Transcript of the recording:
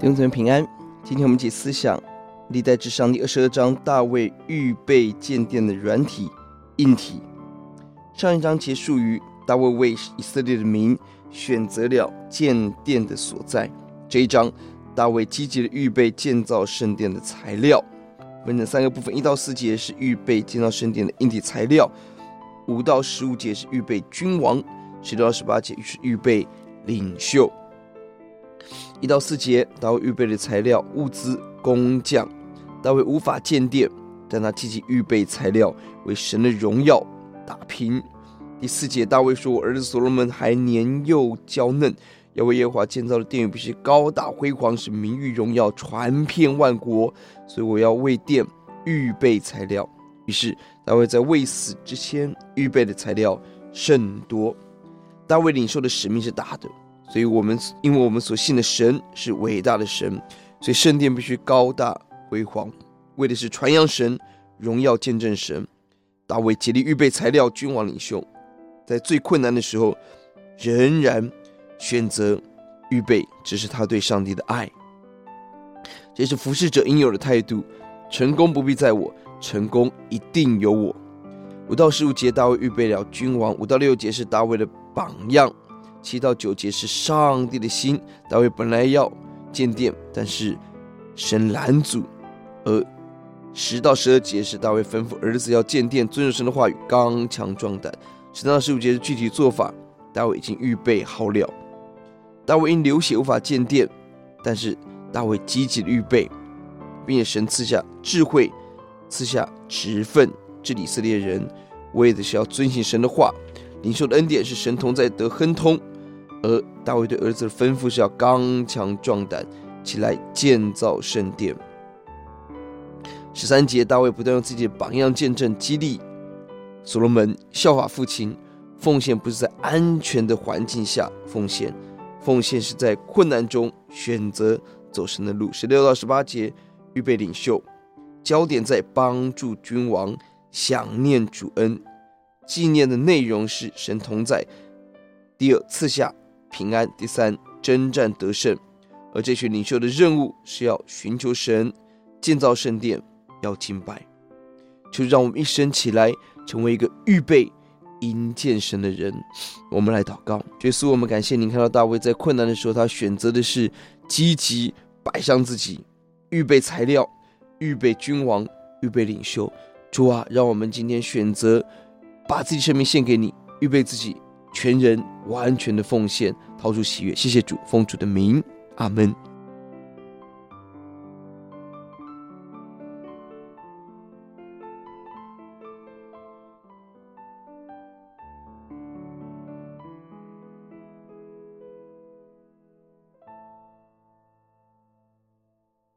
弟兄姊妹平安，今天我們一起思想《歷代志上》第二十二章大衛預備建殿的軟體、硬體。上一章結束於大衛為以色列的民選擇了建殿的所在，這一章大衛積極的預備建造聖殿的材料。分成三個部分：一到四節是預備建造聖殿的硬體材料；五到十五節是預備君王；十六到十八節是預備領袖。一到四節，大衛預備的材料、物資、工匠，大衛無法建殿，但他積極預備材料，為神的榮耀打拼。第四節，大衛說：“我兒子所羅門還年幼嬌嫩，要為耶和華建造的殿宇必須高大輝煌，使名譽榮耀傳遍萬國。所以我要為殿預備材料。”於是大衛在未死之前預備的材料甚多。大衛領受的使命是大的。所以我們，因為我們所信的神是偉大的神，所以聖殿必須高大輝煌，為的是傳揚神，榮耀見證神。大衛竭力預備材料，君王領袖，在最困難的時候，仍然選擇預備，這是他對上帝的愛，這是服侍者應有的態度。成功不必在我，成功一定有我。五到十五節，大衛預備了君王；五到六節是大衛的榜樣。七到九節是上帝的心，大衛本來要建殿，但是神攔阻；而十到十二節是大衛吩咐兒子要建殿，遵守神的話語，剛強壯膽。十三到十五節的具體的做法，大衛已經預備好了。大衛因流血無法建殿，但是大衛積極的預備，並且神賜下智慧，賜下職分治理以色列人，為的是要遵行神的話。領受的恩典是神同在，得亨通。而大衛對兒子的吩咐是要剛強壯膽起來建造聖殿。十三節，大衛不斷用自己的榜樣見證激勵所羅門效法父親奉獻，不是在安全的環境下奉獻，奉獻是在困難中選擇走神的路。十六到十八節，預備領袖，焦點在幫助君王想念主恩，紀念的內容是神同在。第二，賜下。平安。第三，征戰得勝。而這群領袖的任務是要尋求神，建造聖殿，要敬拜。就讓我們一生起來，成為一個預備迎接神的人。我們來禱告，耶穌，我們感謝您。看到大衛在困難的時候，他選擇的是積極擺上自己，預備材料，預備君王，預備領袖。主啊，讓我們今天選擇把自己生命獻給你，預備自己，全人。完全的奉獻，討主喜悅。謝謝主，奉主的名，阿門。